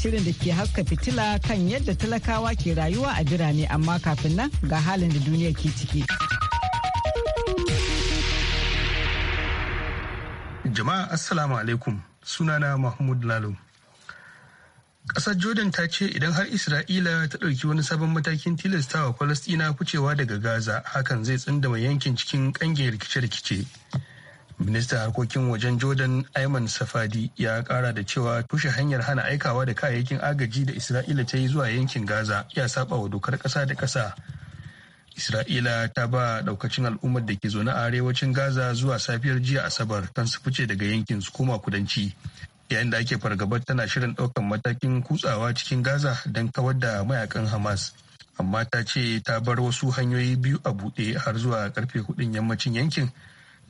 shirin da ke haska fitila kan yadda talakawa ke rayuwa a birane amma kafin nan ga halin da duniya ke ciki. Jama'a Assalamu alaikum sunana Mahmud Lalo. Ƙasar Jordan ta ce idan har Isra'ila ta ɗauki wani sabon matakin tilasta wa Falasɗina kucewa daga Gaza hakan zai tsindama yankin cikin ƙangiyar rikice-rikice. ministan harkokin wajen jordan ayman safadi ya kara da cewa tushe hanyar hana aikawa da kayayyakin agaji da isra'ila ta yi zuwa yankin gaza ya saba wa dokar kasa da kasa isra'ila ta ba daukacin al'ummar da ke zaune a arewacin gaza zuwa safiyar jiya asabar don su fice daga yankin su koma kudanci yayin da ake fargabar tana shirin daukan matakin kutsawa cikin gaza don kawar da mayakan hamas amma ta ce ta bar wasu hanyoyi biyu a buɗe har zuwa karfe hudun yammacin yankin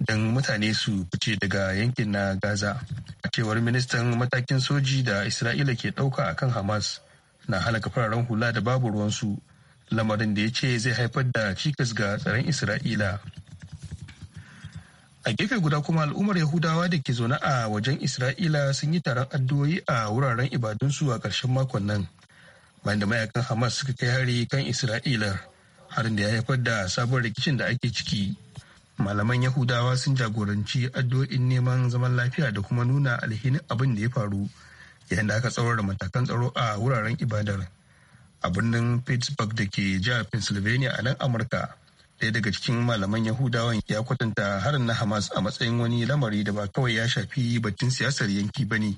don mutane su fice daga yankin na Gaza. A cewar ministan matakin soji da Isra'ila ke ɗauka a kan Hamas na halaka fararen hula da babu ruwansu, lamarin da ya ce zai haifar da cikas ga tsaron Isra'ila. A gefe guda kuma al'ummar Yahudawa da ke zaune a wajen Isra'ila sun yi taron addu'o'i a wuraren ibadunsu a ƙarshen makon nan. Bayan da mayakan Hamas suka kai hari kan Isra'ilar, harin da ya haifar da sabon rikicin da ake ciki. malaman yahudawa sun jagoranci addu'o'in neman zaman lafiya da kuma nuna alhinin abin da ya faru yayin da aka tsawar matakan tsaro a wuraren ibadar a birnin pittsburgh da ke jihar pennsylvania a nan amurka daya daga cikin malaman yahudawan ya kwatanta harin na hamas a matsayin wani lamari da ba kawai ya shafi batun siyasar yanki ba ne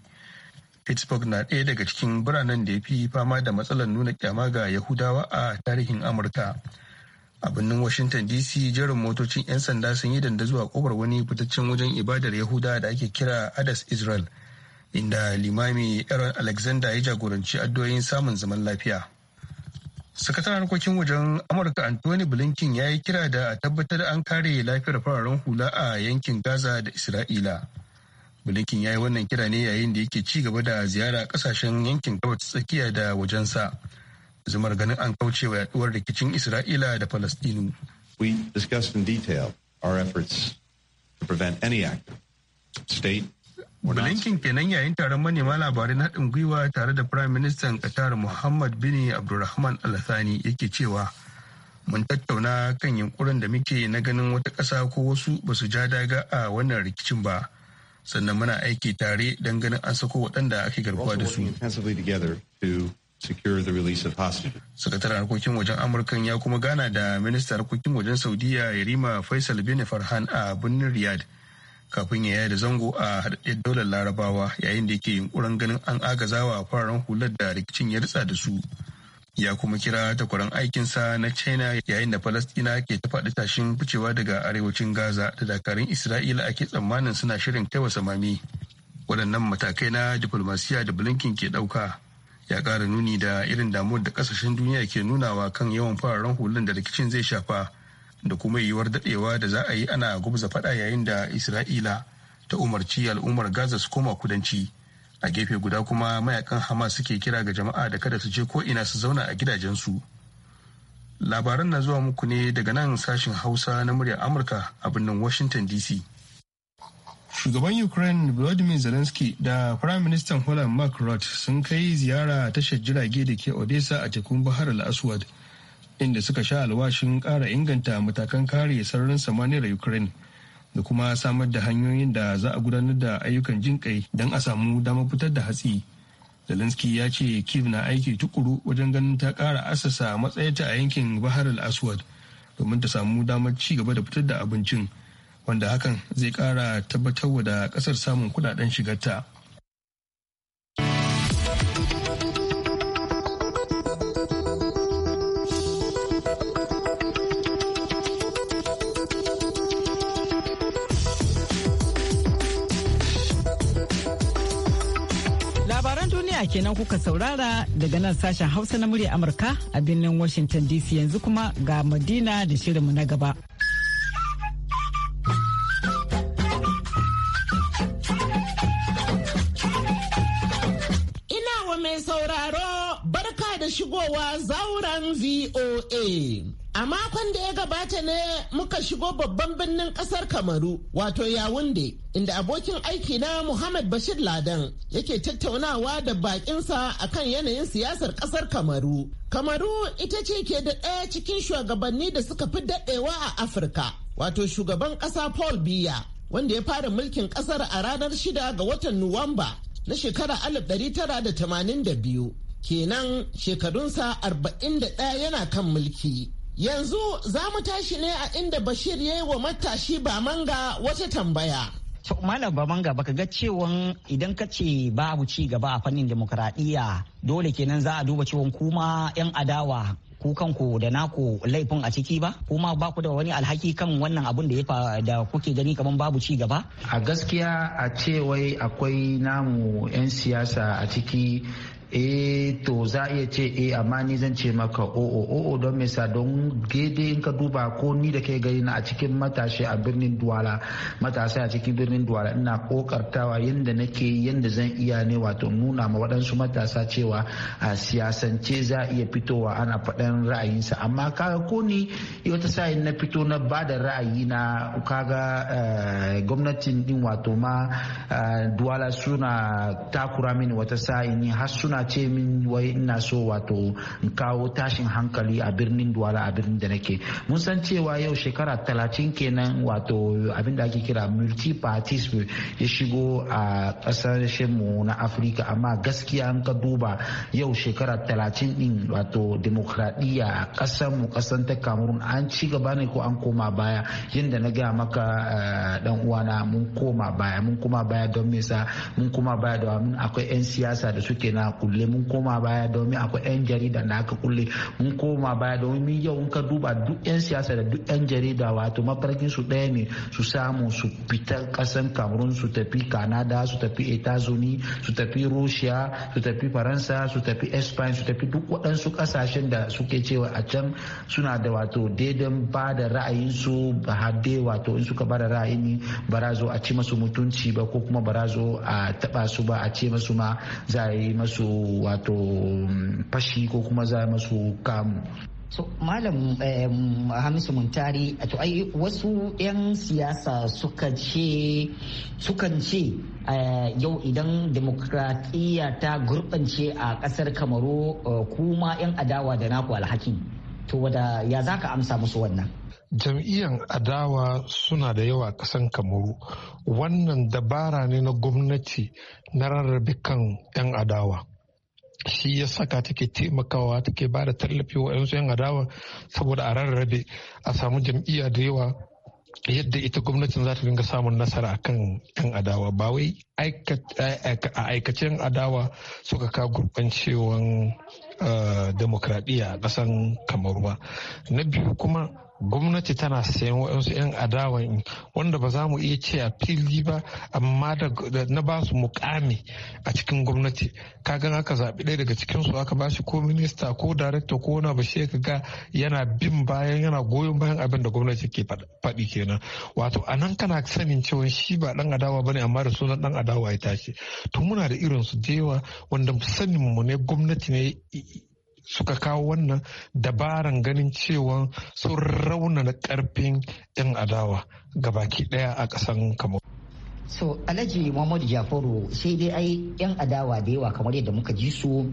pittsburgh na ɗaya daga cikin biranen da ya fi fama da matsalar nuna kyama ga yahudawa a tarihin amurka a birnin washington dc jerin motocin 'yan sanda sun yi danda zuwa kofar wani fitaccen wajen ibadar yahuda da ake kira adas israel inda limami aaron alexander ya jagoranci addu'o'in samun zaman lafiya sakataren harkokin wajen amurka anthony blinken ya yi kira da a tabbatar an kare lafiyar fararen hula a yankin gaza da isra'ila blinken ya yi wannan kira ne yayin da yake ci gaba da ziyara kasashen yankin gabas tsakiya da wajensa. sa zumar ganin an kauce wa yaduwar rikicin isra'ila da falastinu we discussed in detail our efforts to prevent any act state Blinken kenan yayin taron manema labarai na haɗin gwiwa tare da Prime Minister Qatar Muhammad bin Abdulrahman Al Thani yake cewa mun tattauna kan yunkurin da muke na ganin wata ƙasa ko wasu ba su ja daga a wannan rikicin ba sannan muna aiki tare don ganin an sako waɗanda ake garkuwa da su. secure the Sakataren harkokin wajen Amurkan ya kuma gana da minista harkokin wajen Saudiya Yarima Faisal bin Farhan a birnin Riyadh kafin ya yi da zango a haɗaɗɗen daular larabawa yayin da yake yunkurin ganin an agazawa fararen hular da rikicin ya ritsa da su. Ya kuma kira takwaran aikinsa na China yayin da palestina ke ta faɗi tashin ficewa daga arewacin Gaza da dakarun Isra'ila ake tsammanin suna shirin kaiwa samami. Waɗannan matakai na diplomasiya da Blinken ke ɗauka ya ƙara nuni da irin damuwar da ƙasashen duniya ke nunawa kan yawan fararen hulun da rikicin zai shafa da kuma yiwuwar daɗewa da za a yi ana gubza faɗa yayin da isra'ila ta umarci al'ummar gaza su koma kudanci a gefe guda kuma mayakan hamas suke kira ga jama'a da kada su je ko ina su zauna a gidajensu labaran na zuwa muku ne daga nan sashen hausa na muryar amurka a birnin washington dc Shugaban Ukraine vladimir Zelensky da Prime Minister Holland Mark Rutte sun kai ziyara tashar jirage da ke Odessa a tekun Bahar al-Aswad inda suka sha alwashin kara inganta matakan kare sararin samaniyar Ukraine da kuma samar da hanyoyin da za a gudanar da ayyukan jinƙai don a samu damar fitar da hatsi. Zelensky ya ce Kiev na aiki tukuru wajen ganin ta kara asasa matsayarta a yankin Bahar al-Aswad domin ta samu damar ci gaba da fitar da abincin. wanda hakan zai kara tabbatarwa da kasar samun kudaden shigarta. duniya kenan kuka saurara daga nan sashen hausa na murya amurka a birnin washington dc yanzu kuma ga madina da shirinmu na gaba. VOA. A makon da ya gabata ne muka shigo babban birnin kasar Kamaru wato Yawunde inda abokin aiki na Muhammad Bashir Ladan yake tattaunawa da bakinsa akan yanayin siyasar kasar Kamaru. Kamaru ita ce ke da ɗaya cikin shugabanni da suka fi daɗewa a Afirka wato shugaban ƙasa Paul Biya wanda ya fara mulkin ƙasar a ranar shida ga watan Nuwamba na shekara 1982. kenan shekarunsa 41 yana kan mulki yanzu za mu tashi ne a inda bashir ya yi wa matashi ba manga wata tambaya So, malam Bamanga baka ga cewa idan ka ce babu ci gaba a fannin demokradiyya dole kenan za a duba cewa kuma 'yan adawa ku kanku da naku laifin a ciki ba kuma ba ku da wani alhaki kan wannan abun da ya da kuke gani kaman babu ci gaba a gaskiya a ce wai akwai namu 'yan siyasa a ciki eh to za a iya ce e amma ni zan ce maka o'o oh, o'o oh, oh, don me sa don gede in ka duba ko ni da kai gani na a cikin matashi a birnin duwala matasa a cikin birnin duwala ina kokartawa yanda nake yanda zan iya ne wato nuna ma waɗansu matasa cewa a siyasance za iya fitowa ana faɗan ra'ayinsa amma kaga ko ni wata sa'in na fito na ba da ra'ayi na kaga eh, gwamnatin din wato ma eh, duwala suna takura mini wata sa'in har suna suna ce min wai ina so wato in kawo tashin hankali a birnin duwala a birnin da nake mun san cewa yau shekara talatin kenan wato abin da ake kira multi parties ya shigo a kasashen mu na afirka amma gaskiya an ka duba yau shekara talatin din wato demokradiyya a kasar mu kasar ta cameroon an ci gaba ne ko an koma baya yadda na gaya maka dan eh, uwana mun koma baya mun koma baya don me sa mun koma baya da akwai 'yan siyasa da suke na kulle mun koma baya domin akwai 'yan jarida da aka kulle mun koma baya domin yau in ka duba duk 'yan siyasa da duk 'yan jarida wato mafarkin su ɗaya ne su samu su fita ƙasan cameroon su tafi kanada su tafi etazuni su tafi russia su tafi faransa su tafi espain su tafi duk waɗansu ƙasashen da suke cewa a can suna da wato daidan ba da ra'ayinsu ba hadde wato in suka ba da ra'ayin bara zo a ci masu mutunci ba ko kuma bara zo a taɓa su ba a ce masu ma za a yi masu wato fashi ko kuma za masu kamu so malam hamisu muntari to ai wasu 'yan siyasa suka ce sukan ce uh, yau idan demokradiyya ta gurbance a kasar kamaru eh, kuma 'yan adawa da naku alhakin to wada ya za ka amsa musu wannan jam'iyyar adawa suna da yawa kasan kamaru wannan dabara ne na gwamnati na rarrabe kan 'yan adawa shi ya saka take taimakawa take ba da tallafi wa 'yan adawa saboda a rarrabe a samu jam'iyya da yawa yadda ita gwamnatin za ta dinga samun nasara akan yan adawa ba wai a aikace 'yan adawa suka ka gurbancewan eh, demokradiyya a kasan kamaru ba na biyu kuma gwamnati tana sayan waɗansu 'yan adawa wanda ba za mu iya ce a fili ba amma da na ba su mukami a cikin gwamnati kagan aka zaɓi ɗaya daga cikin su aka shi ko minista ko darekta ko wani abu shi ga yana bin bayan yana goyon bayan abin da gwamnati ke faɗi kenan wato a nan kana sanin cewa shi ba ɗan adawa ba ne amma da sunan ɗan adawa ya tashi to muna da irin su da yawa wanda sanin mu ne gwamnati ne suka kawo wannan dabaran ganin cewa sun raunana karfin 'yan adawa ga baki daya a kasan kamar. so alhaji muhammadu jafaru sai dai ai yan adawa da yawa kamar yadda muka ji su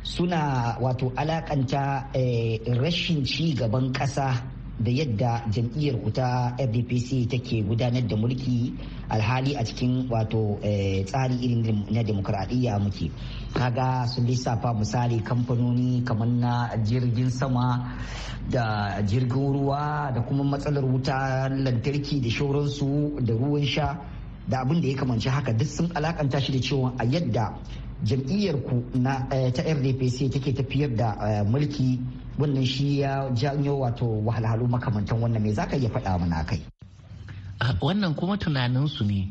suna wato alakanta eh, rashin ci gaban kasa da yadda jam'iyyar ku ta fdpc take gudanar da mulki alhali a cikin wato eh, tsari irin na demokuraɗiyya muke kaga sun lissafa misali kamfanoni kamar na jirgin sama da jirgin ruwa da kuma matsalar wuta lantarki da shauransu da ruwan sha da abin da ya kamanci haka duk sun alakanta shi da cewa a yadda jam'iyyar ku na eh, ta rdpc take tafiyar da eh, mulki wannan shi ya janyo wato wahalhalu makamantan wannan mai zaka iya faɗa mana kai ah, wannan kuma tunanin su ne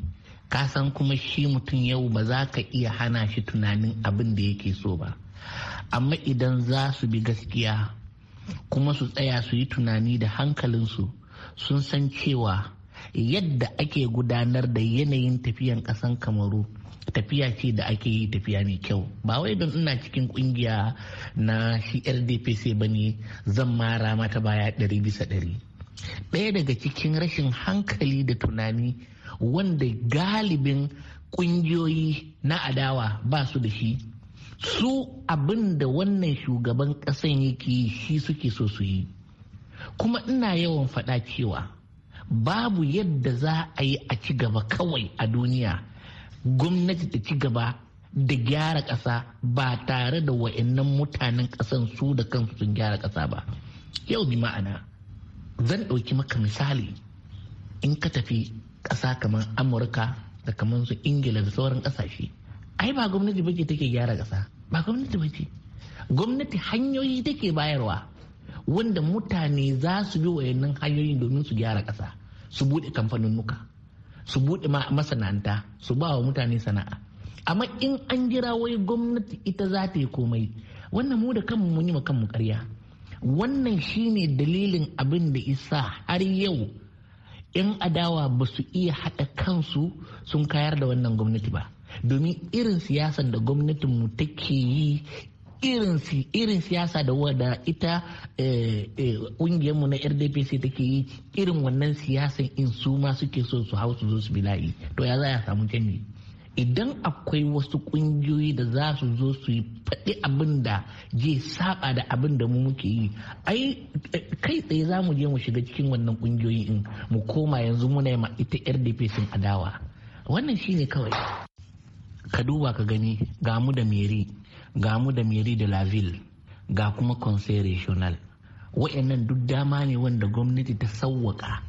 ka san kuma shi mutum yau ba za ka iya hana shi tunanin abin da yake so ba amma idan za su bi gaskiya kuma su tsaya su yi tunani da hankalinsu sun san cewa yadda ake gudanar da yanayin tafiyan ƙasan kamaru tafiya ce da ake yi tafiya mai kyau ba wai don ina cikin kungiya na shi sai ba ne zan mara mata baya ɗari bisa ɗari ɗaya daga cikin rashin hankali da tunani wanda galibin ƙungiyoyi na adawa ba su da shi su abin da wannan shugaban ƙasan yake yi shi suke so su yi kuma ina yawan faɗa cewa babu yadda za a yi a ci gaba kawai a duniya gwamnati ta ci gaba da gyara ƙasa ba tare da wa'annan mutanen ƙasan su da kansu sun gyara ƙasa ba yau bi ma'ana zan ɗauki maka misali in ka tafi ƙasa kamar amurka da kamar su ingila da sauran ƙasashe ai ba gwamnati bace take gyara ƙasa ba gwamnati ba ce? gwamnati hanyoyi take bayarwa wanda mutane za su bi wayannan hanyoyin domin su gyara ƙasa su buɗe nuka su buɗe masana'anta su ba wa mutane sana'a amma in an jira wai gwamnati ita za ta yi komai wannan mu da kanmu mun yi ma kanmu karya wannan shine dalilin abin da isa har yau 'yan adawa ba su iya haɗa kansu sun kayar da wannan gwamnati ba domin irin siyasan da gwamnatinmu take yi irin irin siyasa da wada ita eh, eh, ƙungiyarmu na rdpc take yi irin wannan siyasan in su ma suke so su hau su zo su bila'i to ya za ya samu canji idan akwai wasu ƙungiyoyi da za su zo su yi faɗi abin da je saba da abin da mu muke yi ai eh, kai tsaye za mu je mu shiga cikin wannan kungiyoyi in mu koma yanzu muna ma ita rdpc adawa wannan shine kawai ka duba ka gani ga mu da meri ga mu da mairie de la ville ga kuma conseil regional wa'annan duk dama ne wanda gwamnati ta sauwaka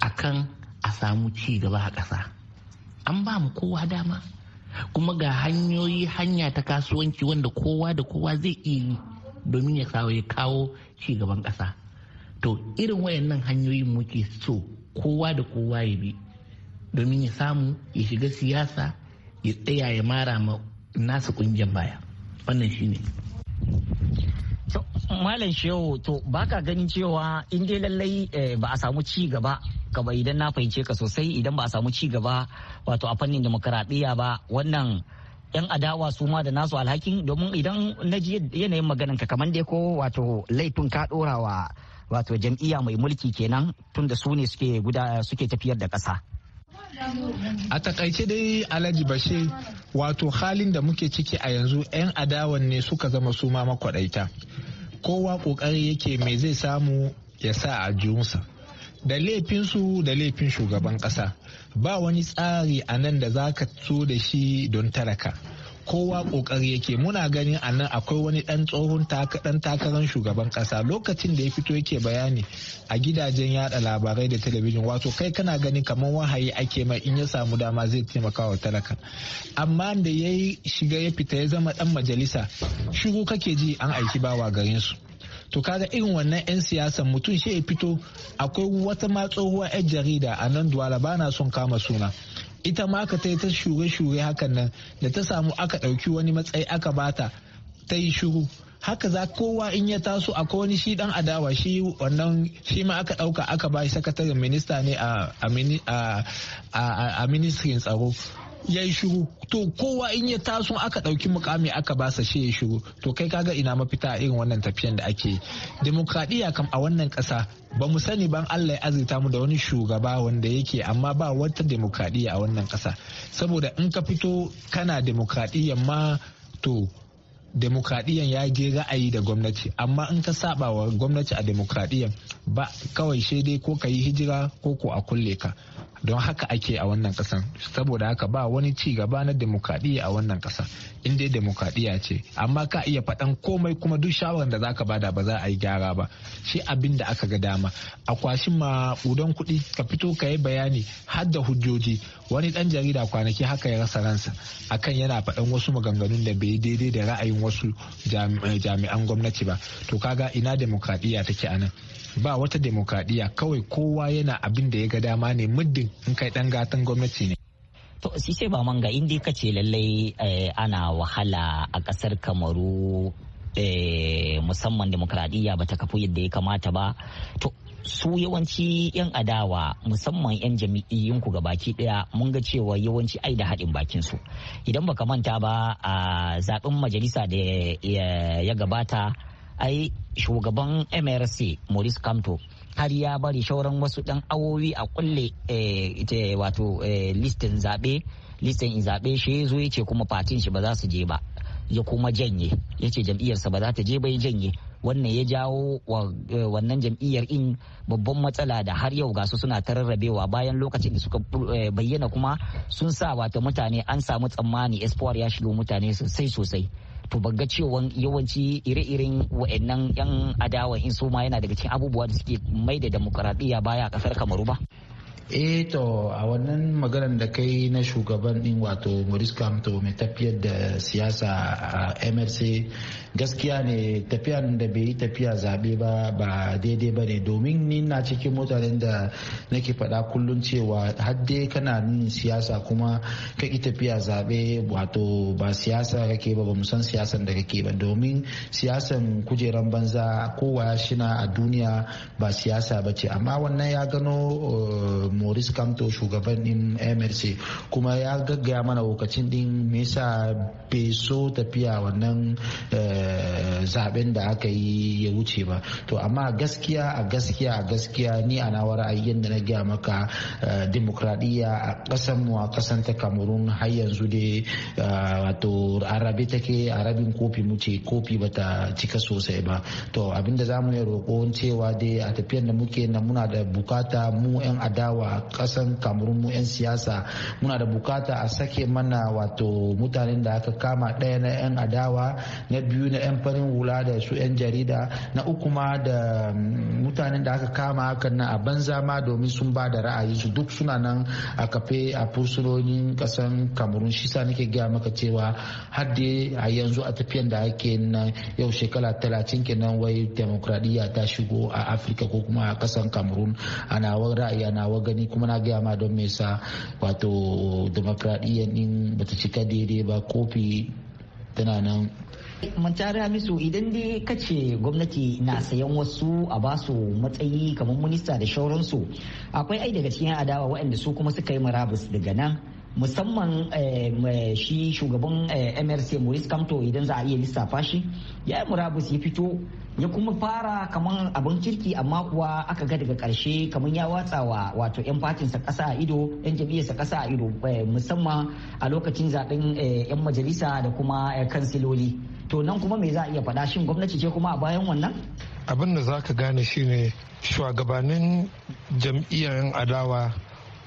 akan a samu ci gaba a ƙasa an ba mu kowa dama kuma ga hanyoyi hanya ta kasuwanci wanda kowa da kowa zai iya yi domin ya kawo ya kawo ci gaban ƙasa to irin wayannan hanyoyi muke so kowa da kowa ya bi domin ya samu ya shiga siyasa ya tsaya ya mara ma nasa kungiyar baya wannan shine malam shehu to baka ganin cewa in dai lallai eh, ba a samu ci gaba kaba idan na fahimce ka sosai idan ba a samu ci gaba wato a fannin demokaradiyya ba wannan yan adawa su ma da nasu alhakin domin idan na ji yanayin maganan ka kamar dai ko wato laifin ka dorawa wato jam'iyya mai mulki kenan tunda su ne suke tafiyar da ƙasa. A takaice dai Alhaji bashe wato halin da muke ciki a yanzu 'yan adawan ne suka zama su ma makwaɗaita. Kowa ƙoƙari yake mai zai samu ya sa a junsa. Da laifinsu da laifin shugaban ƙasa. Ba wani tsari a nan da za ka so da shi don talaka. kowa kokari yake muna gani a nan akwai wani dan tsohon dan takarar shugaban kasa lokacin da ya fito yake bayani a gidajen yada labarai da talabijin wato kai kana gani kamar wahayi ake mai in ya samu dama zai taimaka wa talaka amma da ya shiga ya fita ya zama dan majalisa shigo kake ji an aiki bawa garin su to kaga irin wannan 'yan siyasa mutum shi ya fito akwai wata ma tsohuwa 'yan jarida a nan duwala bana son kama suna ita ma aka ta ta shure-shure hakan nan da ta samu aka ɗauki wani matsayi aka bata ta yi shuru haka za kowa in ya taso a wani shi dan adawa shi wannan shi ma aka ɗauka aka ba shi sakataren minista ne a ministrin tsaro ya yi shiru to kowa in ya taso aka ɗauki mukami aka basa shi ya shiru to kai kaga ina mafita a irin wannan tafiyan da ake demokradiyya kam a wannan ƙasa ba mu sani ban Allah ya azurta mu da wani shugaba wanda yake amma ba wata demokradiyya a wannan ƙasa saboda in ka fito kana demokradiyya ma to demokradiyyar ya je ra'ayi da gwamnati amma in ka saba wa gwamnati a demokradiyyar ba kawai dai ko ka yi hijira ko ko a kulle ka don haka ake a wannan kasan saboda haka ba wani ci gaba na demokradiyya a wannan ƙasa in dai demokradiyya ce amma ka iya faɗan komai kuma duk shawarar da zaka bada ba za a yi gyara ba shi abin da aka ga dama a kwashin udan kuɗi ka fito ka yi bayani har da hujjoji wani ɗan jarida kwanaki haka ya rasa ransa akan yana faɗan wasu maganganun da bai daidai da ra'ayin wasu jami'an gwamnati ba to kaga ina demokradiyya take a nan ba wata demokradiyya kawai kowa yana abin da ya ga dama ne muddin in kai dan gatan gwamnati ne To sai ba manga in inda ka ce lallai eh, ana wahala a kasar kamaru eh, musamman demokradiyya ba ta kafu yadda ya kamata ba. To su yawanci 'yan adawa musamman 'yan ku ga baki daya mun ga cewa yawanci ai da haɗin bakin su idan baka manta ba a zaɓen majalisa da ya gabata ai shugaban mrc maurice kamto har ya bari shauran wasu dan awowi a kulle eh, wato eh, listin zaɓe listin zaɓe shi zo ya ce kuma fatin shi ba za su je ba ya kuma janye ya ce jam'iyyarsa ba za ta je ba ya janye wannan ya jawo eh, wannan jam'iyyar in babban matsala da har yau gasu suna ta rarrabewa bayan lokacin da suka bayyana kuma sun sa wato mutane an samu tsammani espoir ya shigo mutane sosai sosai to ga cewa yawanci ire-iren wa'annan yan adawa in su ma yana daga cikin abubuwa da suke mai da demokuraɗiyya baya a kasar kamaru ba eh to a wannan maganar da kai na shugaban din wato maurice kamto mai tafiyar da siyasa a mrc gaskiya ne tafiyan da bai yi tafiya zabe ba ba daidai ba ne domin ni na cikin mutanen da nake faɗa kullum cewa hadde kana nin siyasa kuma kaki tafiya zabe wato ba siyasa kake ba ba san siyasan da kake ba domin siyasan kujeran banza kowa shina a duniya ba siyasa ba ce amma wannan ya gano eh, maurice kamto shugaban din mrc kuma ya gaggaya mana lokacin din me yasa bai so tafiya wannan eh, zaben da aka yi ya wuce ba to amma gaskiya a gaskiya a gaskiya ni a nawa ra'ayin da na gaya maka eh, demokradiyya a kasan mu a kasan ta kamerun har yanzu dai eh, wato arabe take arabin kofi mu ce kofi bata cika sosai ba to abinda za mu yi roƙon cewa dai a tafiyar da muke na muna da bukata mu 'yan adawa a kasan kamerun mu 'yan siyasa muna da bukata a sake mana wato mutanen da aka kama ɗaya na 'yan adawa na biyu na 'yan farin hula da su 'yan jarida na uku ma da mm, mutanen da aka kama hakan na a banza ma domin sun ba da ra'ayi su duk suna nan a kafe a fursunonin kasan kamerun shi sa nake gaya maka cewa har a yanzu a tafiyan da ake nan yau shekara talatin kenan wai demokradiyya ta shigo a afirka ko kuma a kasan kamerun a nawa ra'ayi a nawa gani ni kuma na gaya ma don me sa wato demokradiyya din bata cika daidai ba kofi tana nan Mantara Hamisu idan dai ka ce gwamnati na sayan wasu a basu matsayi kamar minista da shauransu akwai ai daga cikin adawa waɗanda su kuma suka yi marabus daga nan musamman eh, shi shugaban eh, mrc maurice kamto idan za a iya lissafa shi ya yi murabus ya fito ya kuma fara kamar abin kirki amma kuwa aka ga daga karshe kamar ya watsa wa wato 'yan fatinsa kasa a ido 'yan jam'iyyarsa kasa a ido eh, musamman a lokacin zaɓen 'yan eh, majalisa da kuma eh, kansiloli to nan kuma me za a iya faɗa shin gwamnati ce kuma a bayan wannan abin da za ka gane shine shugabannin jam'iyyar adawa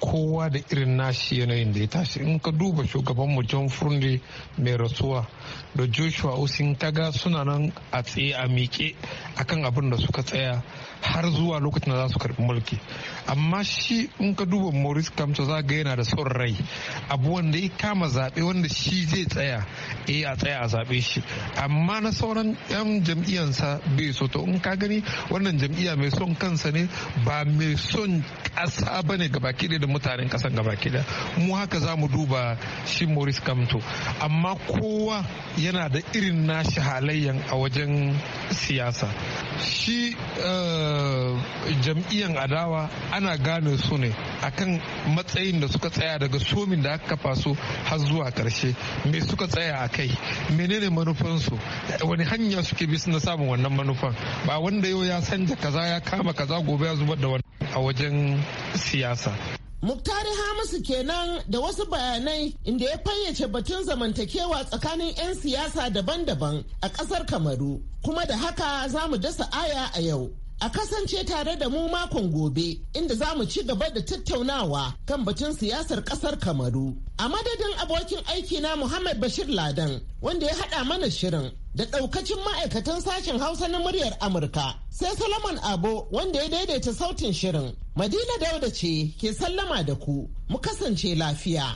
kowa da irin nashi yanayin da ya tashi in ka duba shugabanmu john furundi mai rasuwa da joshua usin kaga suna nan a tsaye a miƙe akan abin da suka tsaya har zuwa lokacin da za su karbi mulki amma shi in ka duba maurice kamto za ga yana da son rai abu wanda ya kama zaɓe wanda shi zai tsaya eh a tsaya a zaɓe shi amma na sauran yan jam'iyyansa bai so to in ka gani wannan jam'iyya mai son kansa ne ba mai son ƙasa ba ne gabaki da mutanen ƙasan gabaki mu haka za mu duba shi maurice kamto amma kowa yana da irin nashi halayyan a wajen siyasa shi eh, jam'iyyan adawa ana gane su ne akan matsayin da suka tsaya daga somin da aka kafa su har zuwa karshe me suka tsaya a kai menene manufansu wani hanya suke bi na samun wannan manufan ba wanda yau ya sanja kaza ya kama kaza gobe ya zubar da wani a wajen siyasa Muktari Hamisu kenan da wasu bayanai inda ya fayyace batun zamantakewa tsakanin 'yan siyasa daban-daban a kasar Kamaru, kuma da haka za mu dasa aya a yau. a kasance tare da mu makon gobe inda za mu ci gaba da tattaunawa kan batun siyasar kasar kamaru a madadin abokin aiki na muhammad bashir ladan wanda ya haɗa mana shirin da ɗaukacin ma'aikatan sashen hausa na muryar amurka sai solomon abo wanda ya daidaita sautin shirin madina dauda ce ke sallama da ku mu kasance lafiya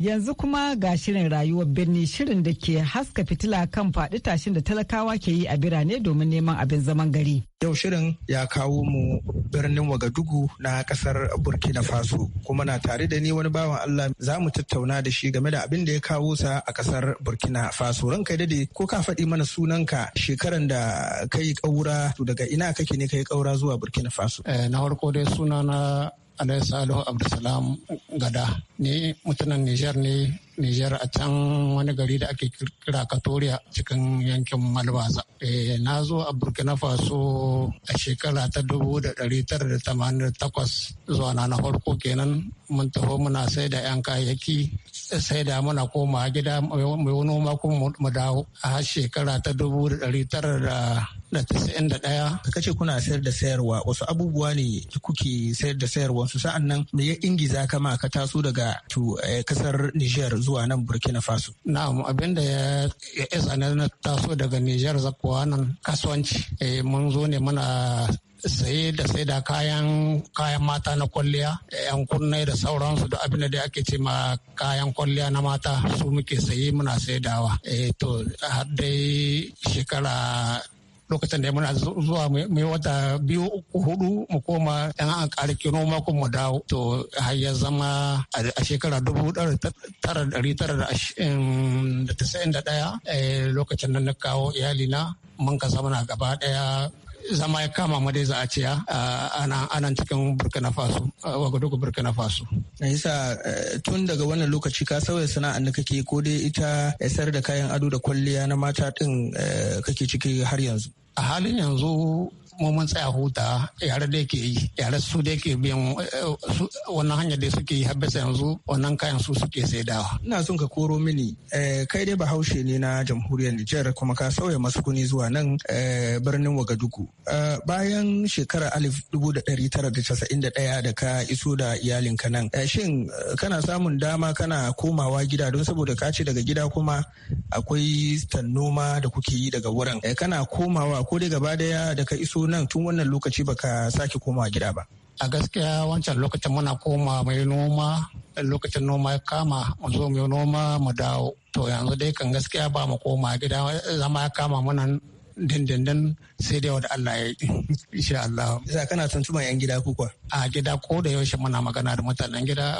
Yanzu kuma ga shirin rayuwar birni shirin da ke haska fitila kan faɗi tashin da talakawa ke yi a birane domin neman abin zaman gari. Yau shirin ya kawo mu birnin Wagadugu na ƙasar Burkina Faso kuma na tare da ni wani bawan Allah za mu tattauna da shi game da abin da ya kawo sa a kasar Burkina Faso. Ranka dade ko ka faɗi mana sunanka shekaran da kai ƙaura daga ina kake ne kai ƙaura zuwa Burkina Faso. Eh, na farko dai sunana Alai Salihu Abdulsalam Gada. Ni mutumin Nijar ne Nijar a can wani gari da ake kira Katoriya cikin yankin Malbaza. Eh, na zo a Burkina Faso a shekara ta dubu da dari tara da tamanin takwas zuwa na na farko kenan mun taho muna sai da 'yan kayayyaki sai da muna koma gida mai noma kuma mu dawo a shekara ta dubu da dari tara da da da ɗaya. Ka ce kuna sayar da sayarwa wasu abubuwa ne kuke sayar da sayarwa su sa'an nan me ya ingiza kama ka taso daga kasar eh, Nijar zuwa nan burkina faso na'am abin da ya isa na taso daga Nijar zakuwa nan kasuwanci eh, mun zo ne muna saye da sai da kayan kayan mata na kwalliya yan kunne da sauransu da abin da ake ce ma kayan kwalliya na mata su muke saye muna saidawa eh to har dai shekara lokacin da ya muna zuwa mai wata biyu uku hudu mu koma yan an kare kino mako mu dawo to har ya zama a shekara dubu tara dari tara da tasa'in da ɗaya eh, lokacin nan na kawo iyalina mun ka zama gaba ɗaya zama ya kama ma dai za a ce ana cikin burkina faso wagadugu burkina faso isa eh, tun daga wannan lokaci ka sauya sana'ar da kake ko dai ita ya sayar da kayan ado da kwalliya na mata din eh, kake ciki har yanzu a halin yanzu mu mun tsaya huta yare da yake yi yare su da yake biyan eh, wannan hanyar da suke yi habbasa yanzu wannan kayan su suke saidawa. Ina son ka koro mini eh, kai dai bahaushe ne na jamhuriyar Nijar kuma ka sauya masukuni zuwa nan eh, birnin Wagadugu. Bayan shekarar alif dubu da ɗari tara da casa'in da ɗaya da ka iso da iyalinka nan. Shin kana samun dama kana komawa gida don saboda ka ce daga gida kuma akwai noma da kuke yi daga wurin. Kana komawa ko dai gaba daya da ka iso nan tun wannan lokaci baka sake komawa gida ba a gaskiya wancan lokacin muna koma mai noma lokacin noma ya kama mu zo mu noma mu dawo to yanzu dai kan gaskiya ba mu koma gida zama ya kama muna dandandan sai dai wata Allah ya yi insha Allah. Za kana tuntuma yan gida ku kuwa. A gida ko da yaushe muna magana da mutanen gida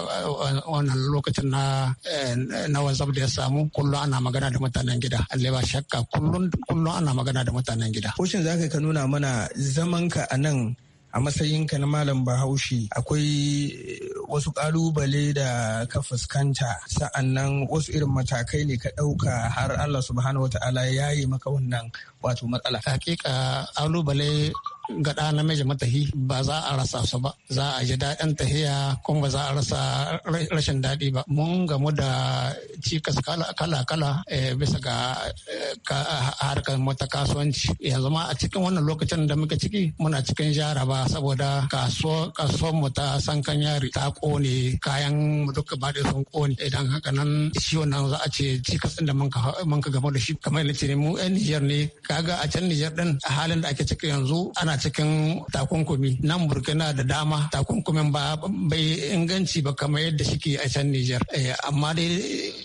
wannan lokacin na eh, na WhatsApp da ya samu kullum ana magana da mutanen gida. Allah ba shakka kullum kullum ana magana da mutanen gida. Ko shin zaka ka nuna mana zamanka a nan a matsayinka na malam bahaushe akwai eh, wasu kalubale da ka fuskanta sa'annan wasu irin matakai ne ka ɗauka har Allah subhanahu wa ta'ala ya yi maka wannan wato matsala. Hakika kalubale Gaɗa na namiji matahi ba za a rasa su ba za a ji daɗin tahiya kuma ba za a rasa rashin daɗi ba mun gamu da cikas kala-kala eh, bisa ga eh, harkar mata kasuwanci yanzu ma a cikin wannan lokacin da muka ciki muna cikin ba saboda kasuwar mu ta sankan yari ta kone kayan mu duka ba sun kone idan haka nan shi wannan za a ce cikas din da mun ka gamu da shi kamar yadda ce mu 'yan Nijar ne kaga a can Nijar ɗin a halin da ake ciki yanzu ana ana cikin takunkumi nan burkina da dama takunkumin ba bai inganci ba kamar yadda shi a can nijar eh, amma dai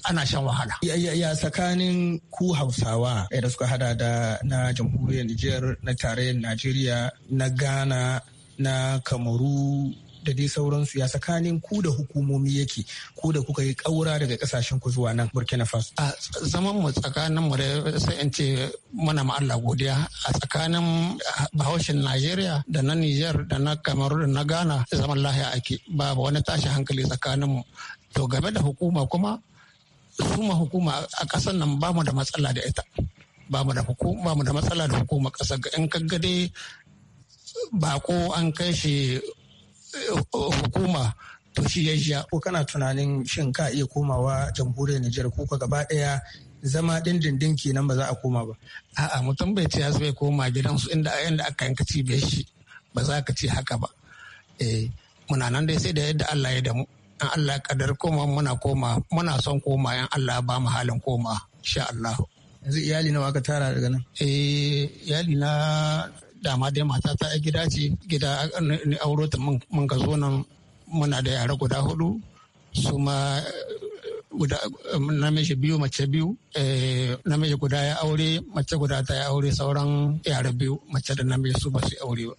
ana shan wahala ya tsakanin ku hausawa eh, da suka hada da na jamhuriyar nijar na tarayyar najeriya na ghana na kamaru da dai sauransu ya tsakanin ku da hukumomi yake ku da kuka yi kaura daga kasashen ku zuwa nan burkina faso a zaman mu tsakanin mu da sai in ce muna ma Allah godiya a tsakanin bahaushen najeriya da na niger da na kamaru da na ghana zaman lahiya ake ba wani tashi hankali tsakanin mu to game da hukuma kuma su ma hukuma a ƙasar nan ba mu da matsala da ita ba mu da hukuma ba mu da matsala da hukuma ƙasar in kaggade bako an kai shi hukuma to shi ya jiya. ko kana tunanin shin ka iya komawa jamhuriyar Nijar ko ka gaba ɗaya zama dindindin kenan ba za a koma ba. A'a mutum bai ce bai koma gidansu inda inda aka yanka ci bai shi ba za ka ce haka ba. Eh muna nan dai sai da yadda Allah ya damu. In Allah ya kadar koma muna koma muna son koma in Allah ba mu halin koma insha Allah. Yanzu iyali nawa ka tara daga nan? Eh iyali na dama dai mata ta gida ce gida ni auro ta mun ka zo nan muna da yara guda hudu su ma namiji biyu mace biyu eh, namiji guda ya aure mace guda ta ya aure sauran yara biyu mace da namiji su ba su aure ba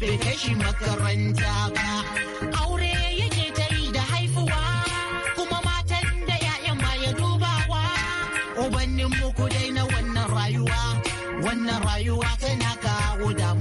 bai kai makaranta ba aure yake ta yi da haifuwa kuma matan da ya'yan ma ya dubawa ubannin muku dai na wannan rayuwa wannan rayuwa tana kawo damu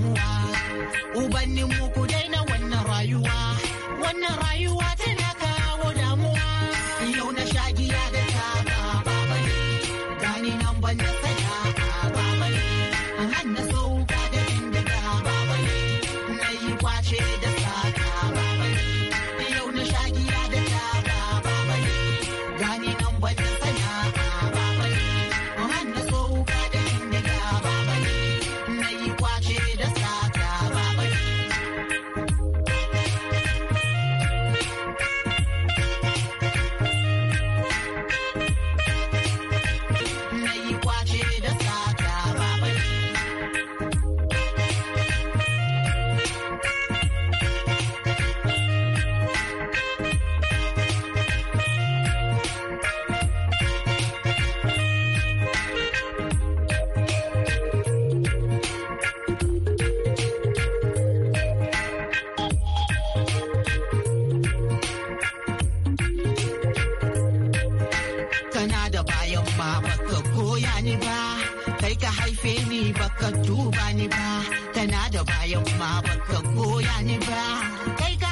baka goya ni ba kai ka haife ni baka duba ni ba tana da bayan ma baka goya ni ba kai ka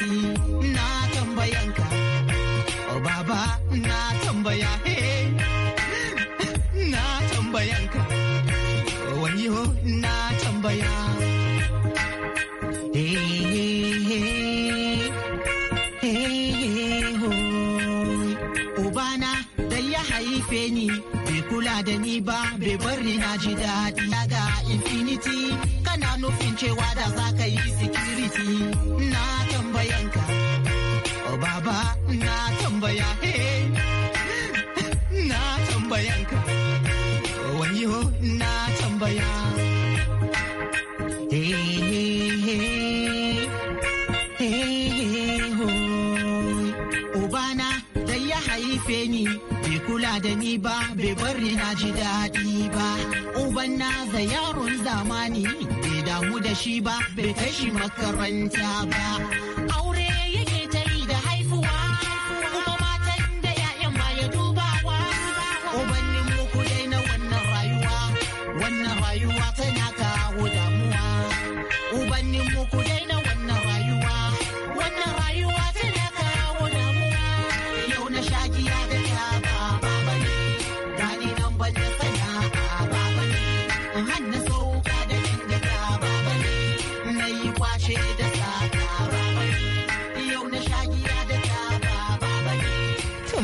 na tambayanka oh baba na tambaya he na tambayanka wani waniho na tambaya Ubana da ya haife ni bai kula da ni ba bai bari na ji daɗi daga infinity kana nufin cewa da za ka yi security na tambayanka oh baba na tambaya eh. na tambayanka wani na tambaya eh, eh, ubana da ya haife ni bai kula da ni ba bai bari na ji daɗi ba uban na da yaron zamani damu da shi ba bai kai shi makaranta ba aure